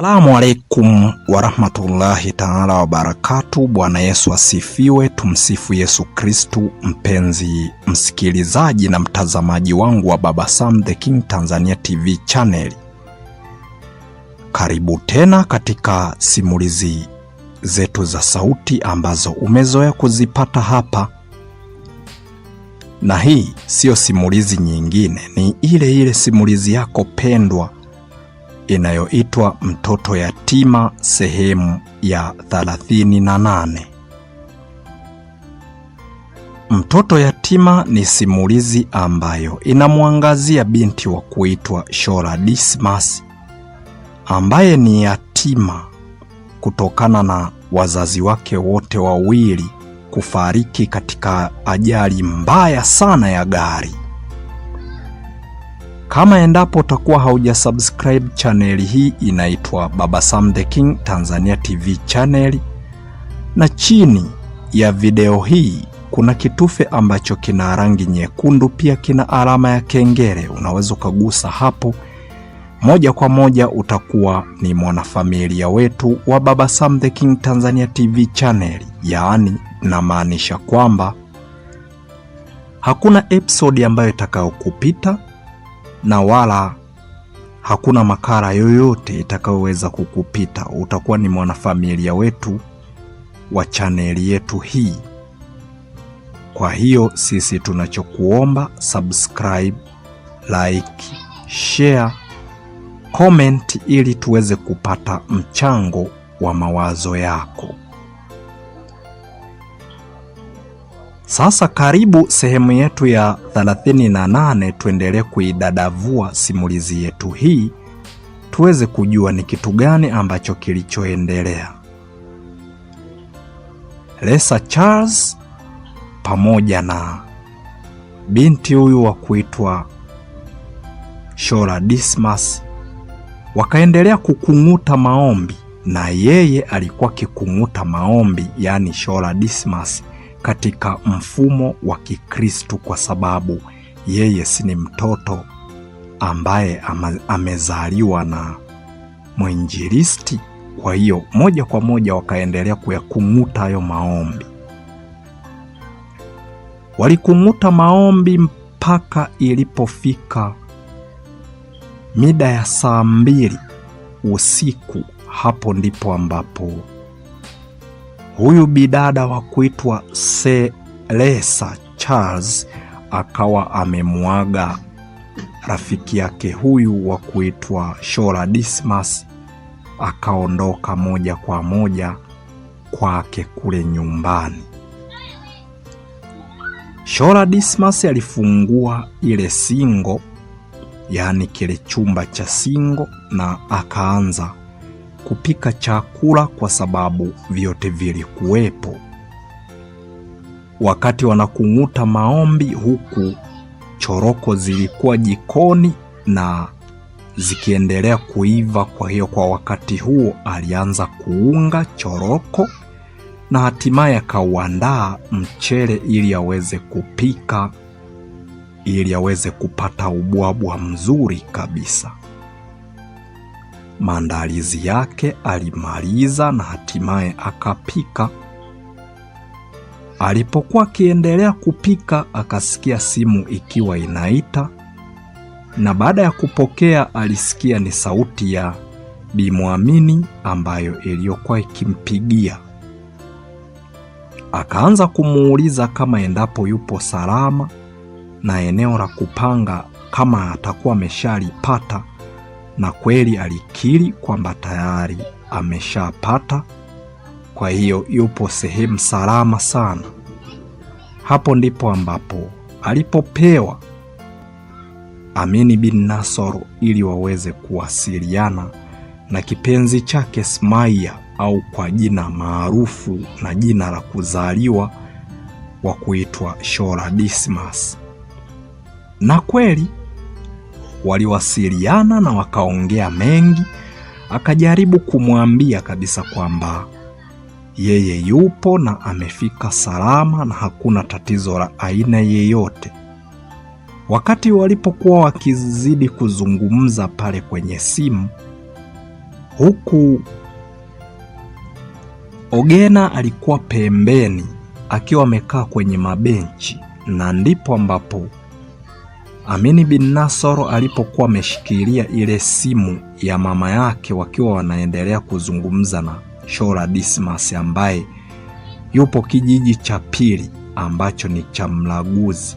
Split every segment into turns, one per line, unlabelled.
Salamu alaikum warahmatullahi taala wabarakatu. Bwana Yesu asifiwe, tumsifu Yesu Kristu. Mpenzi msikilizaji na mtazamaji wangu wa Baba Sam the King Tanzania TV channel, karibu tena katika simulizi zetu za sauti ambazo umezoea kuzipata hapa, na hii siyo simulizi nyingine, ni ile ile simulizi yako pendwa inayoitwa Mtoto Yatima sehemu ya 38. Mtoto Yatima ni simulizi ambayo inamwangazia binti wa kuitwa Shora Dismas ambaye ni yatima kutokana na wazazi wake wote wawili kufariki katika ajali mbaya sana ya gari. Kama endapo utakuwa haujasubscribe chaneli hii inaitwa Baba Sam the King Tanzania TV channel, na chini ya video hii kuna kitufe ambacho kina rangi nyekundu, pia kina alama ya kengele. Unaweza ukagusa hapo moja kwa moja, utakuwa ni mwanafamilia wetu wa Baba Sam the King Tanzania TV channel. Yaani namaanisha kwamba hakuna episodi ambayo itakayokupita na wala hakuna makara yoyote itakayoweza kukupita. Utakuwa ni mwanafamilia wetu wa chaneli yetu hii. Kwa hiyo sisi tunachokuomba subscribe, like, share, comment ili tuweze kupata mchango wa mawazo yako. Sasa karibu sehemu yetu ya 38, tuendelee kuidadavua simulizi yetu hii tuweze kujua ni kitu gani ambacho kilichoendelea. Lesa Charles pamoja na binti huyu wa kuitwa Shora Dismas wakaendelea kukung'uta maombi, na yeye alikuwa kikung'uta maombi, yaani Shora Dismas katika mfumo wa Kikristu kwa sababu yeye si ni mtoto ambaye amezaliwa na mwinjilisti. Kwa hiyo moja kwa moja wakaendelea kuyakung'uta hayo maombi, walikung'uta maombi mpaka ilipofika mida ya saa mbili usiku. Hapo ndipo ambapo Huyu bidada wa kuitwa Selesa Charles akawa amemwaga rafiki yake huyu wa kuitwa Shora Dismas, akaondoka moja kwa moja kwake kule nyumbani. Shora Dismas alifungua ile singo, yaani kile chumba cha singo, na akaanza kupika chakula kwa sababu vyote vilikuwepo. Wakati wanakung'uta maombi huku, choroko zilikuwa jikoni na zikiendelea kuiva. Kwa hiyo kwa wakati huo alianza kuunga choroko na hatimaye akauandaa mchele ili aweze kupika ili aweze kupata ubwabwa mzuri kabisa maandalizi yake alimaliza na hatimaye akapika. Alipokuwa akiendelea kupika, akasikia simu ikiwa inaita, na baada ya kupokea alisikia ni sauti ya Bimwamini ambayo iliyokuwa ikimpigia. Akaanza kumuuliza kama endapo yupo salama na eneo la kupanga kama atakuwa ameshalipata na kweli alikiri kwamba tayari ameshapata, kwa hiyo yupo sehemu salama sana. Hapo ndipo ambapo alipopewa Amini bin Nasoro ili waweze kuwasiliana na kipenzi chake Smaia au kwa jina maarufu na jina la kuzaliwa wa kuitwa Shora Dismas. Na kweli waliwasiliana na wakaongea mengi. Akajaribu kumwambia kabisa kwamba yeye yupo na amefika salama na hakuna tatizo la aina yeyote. Wakati walipokuwa wakizidi kuzungumza pale kwenye simu, huku Ogena alikuwa pembeni akiwa amekaa kwenye mabenchi, na ndipo ambapo Amini bin Nasoro alipokuwa ameshikilia ile simu ya mama yake wakiwa wanaendelea kuzungumza na Shora Dismas ambaye yupo kijiji cha pili ambacho ni cha Mlaguzi,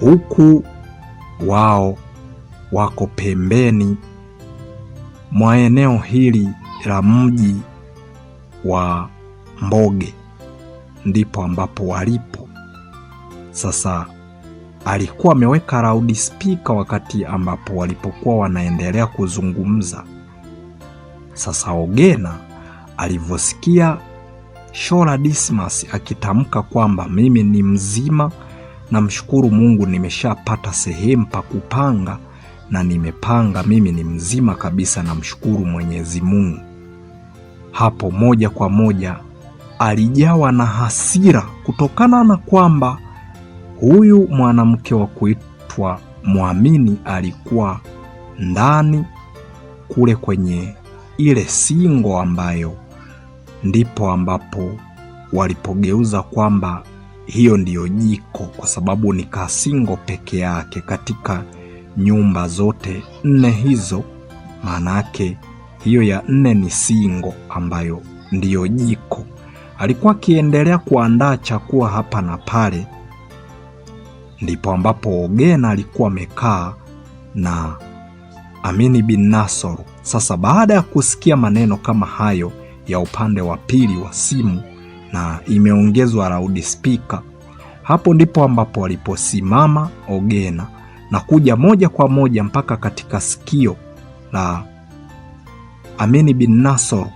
huku wao wako pembeni mwa eneo hili la mji wa Mboge, ndipo ambapo walipo sasa alikuwa ameweka raudi spika wakati ambapo walipokuwa wanaendelea kuzungumza. Sasa Ogena alivyosikia Shola Dismas akitamka kwamba mimi ni mzima, namshukuru Mungu, nimeshapata sehemu pa kupanga na nimepanga, mimi ni mzima kabisa, namshukuru Mwenyezi Mungu. Hapo moja kwa moja alijawa na hasira kutokana na kwamba Huyu mwanamke wa kuitwa Mwamini alikuwa ndani kule kwenye ile singo ambayo ndipo ambapo walipogeuza kwamba hiyo ndiyo jiko, kwa sababu ni kasingo peke yake katika nyumba zote nne hizo. Maana yake hiyo ya nne ni singo ambayo ndiyo jiko. Alikuwa akiendelea kuandaa chakula hapa na pale ndipo ambapo Ogena alikuwa amekaa na Amini bin Nasoro. Sasa baada ya kusikia maneno kama hayo ya upande wa pili wa simu na imeongezwa loud speaker, hapo ndipo ambapo aliposimama Ogena na kuja moja kwa moja mpaka katika sikio la Amini bin Nasoro,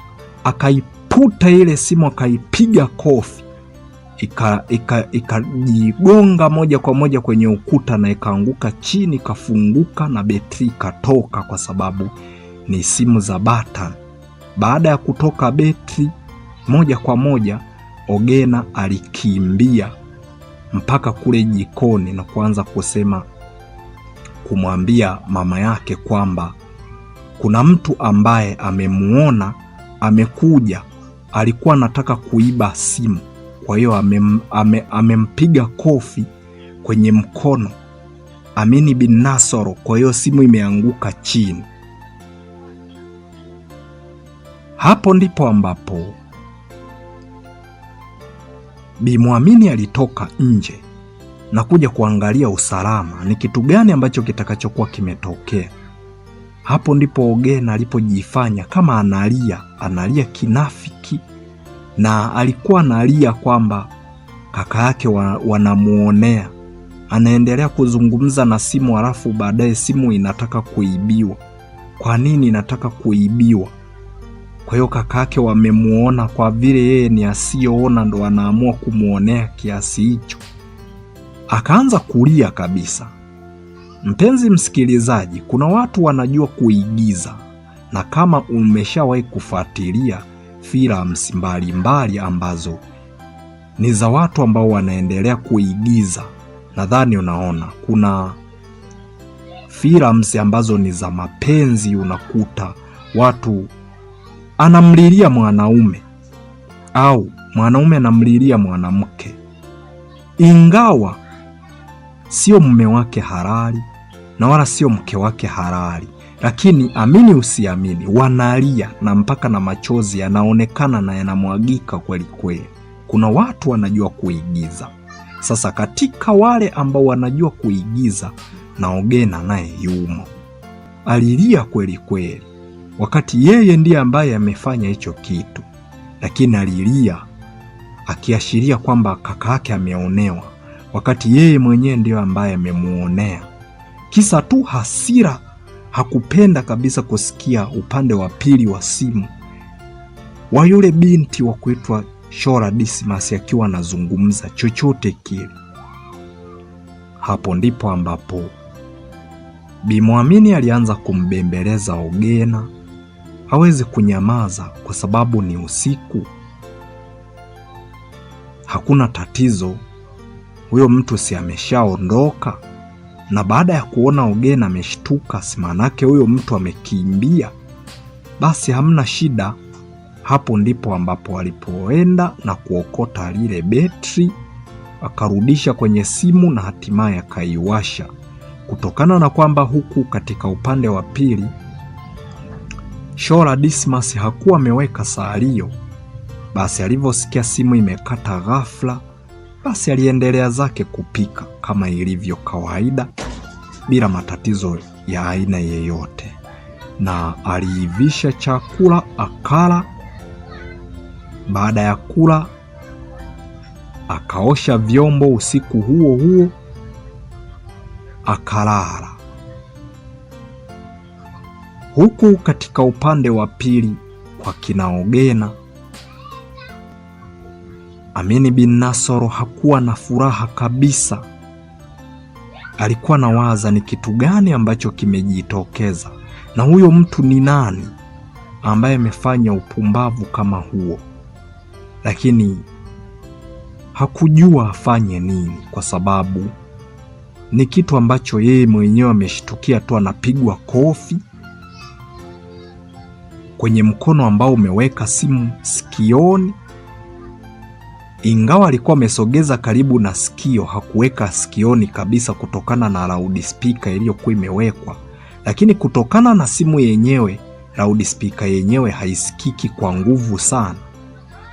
akaiputa ile simu akaipiga kofi ikajigonga moja kwa moja kwenye ukuta na ikaanguka chini, ikafunguka na betri ikatoka, kwa sababu ni simu za bata. Baada ya kutoka betri moja kwa moja, Ogena alikimbia mpaka kule jikoni na kuanza kusema kumwambia mama yake kwamba kuna mtu ambaye amemuona amekuja, alikuwa anataka kuiba simu. Kwa hiyo amempiga ame, amempiga kofi kwenye mkono Amini bin Nasoro, kwa hiyo simu imeanguka chini. Hapo ndipo ambapo Bi Muamini alitoka nje na kuja kuangalia usalama ni kitu gani ambacho kitakachokuwa kimetokea. Hapo ndipo Ogena alipojifanya kama analia, analia kinafiki na alikuwa nalia kwamba kaka yake wanamuonea. Anaendelea kuzungumza na simu, halafu baadaye simu inataka kuibiwa. Kwa nini inataka kuibiwa? Kwa hiyo kaka yake wamemuona, kwa vile yeye ni asiyoona, ndo anaamua kumwonea kiasi hicho. Akaanza kulia kabisa. Mpenzi msikilizaji, kuna watu wanajua kuigiza, na kama umeshawahi kufuatilia films mbalimbali ambazo ni za watu ambao wanaendelea kuigiza. Nadhani unaona kuna films ambazo ni za mapenzi, unakuta watu anamlilia mwanaume au mwanaume anamlilia mwanamke, ingawa sio mume wake halali na wala sio mke wake halali, lakini amini usiamini, wanalia na mpaka na machozi yanaonekana na yanamwagika kweli kweli. Kuna watu wanajua kuigiza. Sasa katika wale ambao wanajua kuigiza, naogena naye yumo, alilia kweli kweli, wakati yeye ndiye ambaye amefanya hicho kitu, lakini alilia akiashiria kwamba kaka yake ameonewa, wakati yeye mwenyewe ndiyo ambaye amemuonea, kisa tu hasira hakupenda kabisa kusikia upande wa pili wa simu wa yule binti wa kuitwa Shora Dismas akiwa anazungumza chochote kile. Hapo ndipo ambapo Bimwamini alianza kumbembeleza Ogena hawezi kunyamaza kwa sababu ni usiku. Hakuna tatizo, huyo mtu si ameshaondoka? na baada ya kuona Ogen ameshtuka, si maanake huyo mtu amekimbia, basi hamna shida. Hapo ndipo ambapo alipoenda na kuokota lile betri akarudisha kwenye simu na hatimaye akaiwasha, kutokana na kwamba huku katika upande wa pili Shola Dismas hakuwa ameweka salio. Basi alivyosikia simu imekata ghafla, basi aliendelea zake kupika kama ilivyo kawaida, bila matatizo ya aina yeyote, na aliivisha chakula akala. Baada ya kula, akaosha vyombo usiku huo huo, akalala. Huku katika upande wa pili kwa kinaogena Amini bin Nasoro hakuwa na furaha kabisa alikuwa nawaza ni kitu gani ambacho kimejitokeza na huyo mtu ni nani ambaye amefanya upumbavu kama huo, lakini hakujua afanye nini, kwa sababu ni kitu ambacho yeye mwenyewe ameshtukia tu, anapigwa kofi kwenye mkono ambao umeweka simu sikioni, ingawa alikuwa amesogeza karibu na sikio, hakuweka sikioni kabisa kutokana na loudspeaker iliyokuwa imewekwa, lakini kutokana na simu yenyewe, loudspeaker yenyewe haisikiki kwa nguvu sana.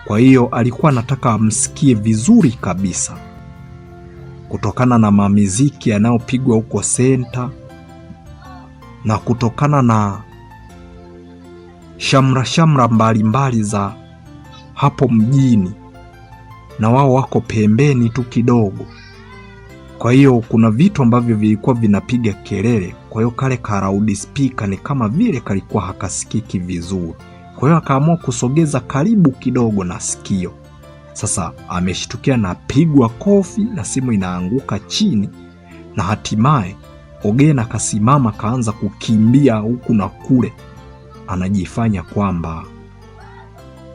Kwa hiyo alikuwa anataka amsikie vizuri kabisa kutokana na mamiziki yanayopigwa huko senta na kutokana na shamra shamra mbalimbali za hapo mjini na wao wako pembeni tu kidogo. Kwa hiyo kuna vitu ambavyo vilikuwa vinapiga kelele, kwa hiyo kale karaudi spika ni kama vile kalikuwa hakasikiki vizuri, kwa hiyo akaamua kusogeza karibu kidogo na sikio. Sasa ameshtukia na pigwa kofi na simu inaanguka chini, na hatimaye Ogena akasimama, kaanza kukimbia huku na kule, anajifanya kwamba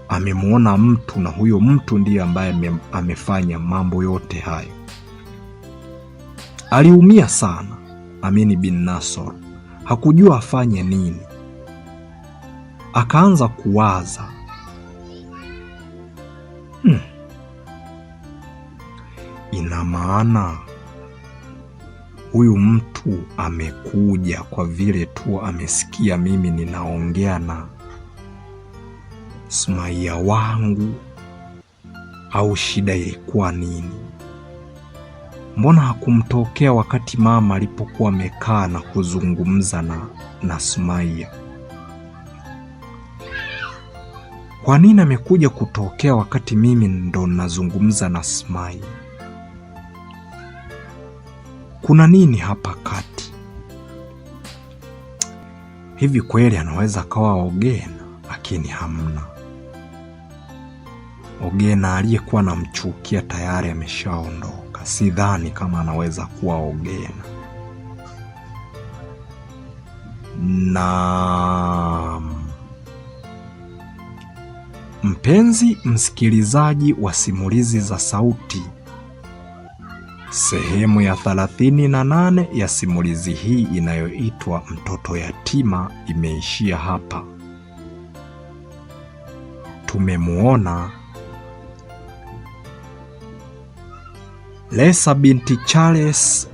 amemwona mtu na huyo mtu ndiye ambaye amefanya mambo yote hayo. Aliumia sana Amini bin nasor hakujua afanye nini. Akaanza kuwaza hmm, ina maana huyu mtu amekuja kwa vile tu amesikia mimi ninaongea na Smaia wangu au shida ilikuwa nini? Mbona hakumtokea wakati mama alipokuwa amekaa na kuzungumza na, na Smaia? Kwa nini amekuja kutokea wakati mimi ndo nazungumza na Smaia? Kuna nini hapa kati? Hivi kweli anaweza akawa ogena, lakini hamna Ogena aliyekuwa namchukia tayari ameshaondoka. Sidhani kama anaweza kuwa Ogena na mpenzi msikilizaji wa simulizi za sauti, sehemu ya 38 ya simulizi hii inayoitwa Mtoto Yatima imeishia hapa. Tumemwona Lesa binti Charles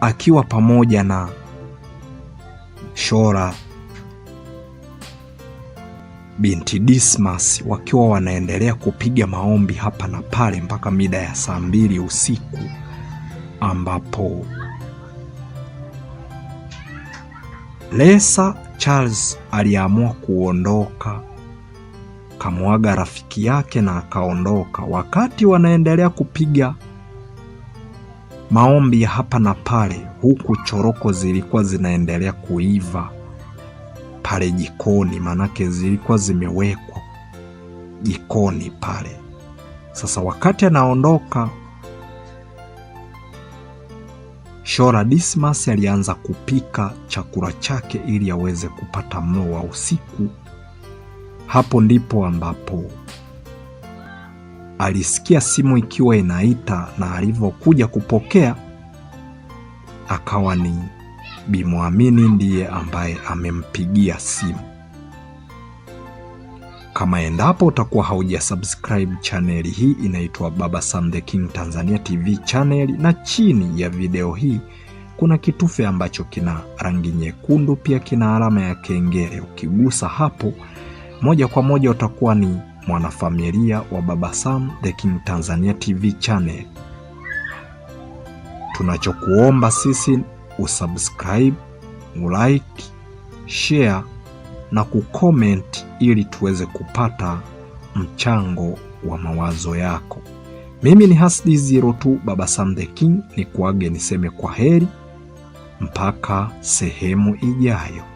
akiwa pamoja na Shora binti Dismas wakiwa wanaendelea kupiga maombi hapa na pale mpaka mida ya saa mbili usiku ambapo Lesa Charles aliamua kuondoka, kamwaga rafiki yake na akaondoka. Wakati wanaendelea kupiga maombi ya hapa na pale, huku choroko zilikuwa zinaendelea kuiva pale jikoni, maanake zilikuwa zimewekwa jikoni pale. Sasa wakati anaondoka Shora Dismas alianza kupika chakula chake ili aweze kupata mlo wa usiku. Hapo ndipo ambapo alisikia simu ikiwa inaita na alivyokuja kupokea akawa ni Bimwamini ndiye ambaye amempigia simu. Kama endapo utakuwa haujasubscribe chaneli hii inaitwa Baba Sam the King Tanzania TV chaneli, na chini ya video hii kuna kitufe ambacho kina rangi nyekundu, pia kina alama ya kengele. Ukigusa hapo moja kwa moja utakuwa ni mwanafamilia wa Baba Sam The King Tanzania TV channel. Tunachokuomba sisi usubscribe, ulike, share na kucomment ili tuweze kupata mchango wa mawazo yako. Mimi ni Hasdi Zero tu, Baba Sam The King, ni kuage niseme kwa heri mpaka sehemu ijayo.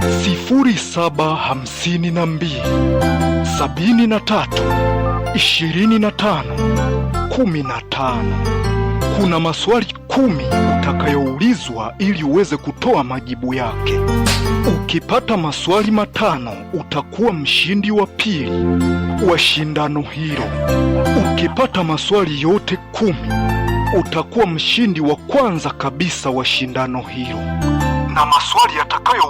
0752 Kuna maswali kumi utakayoulizwa ili uweze kutoa majibu yake. Ukipata maswali matano utakuwa mshindi wa pili wa shindano hilo. Ukipata maswali yote kumi utakuwa mshindi wa kwanza kabisa wa shindano hilo, na maswali yatakayo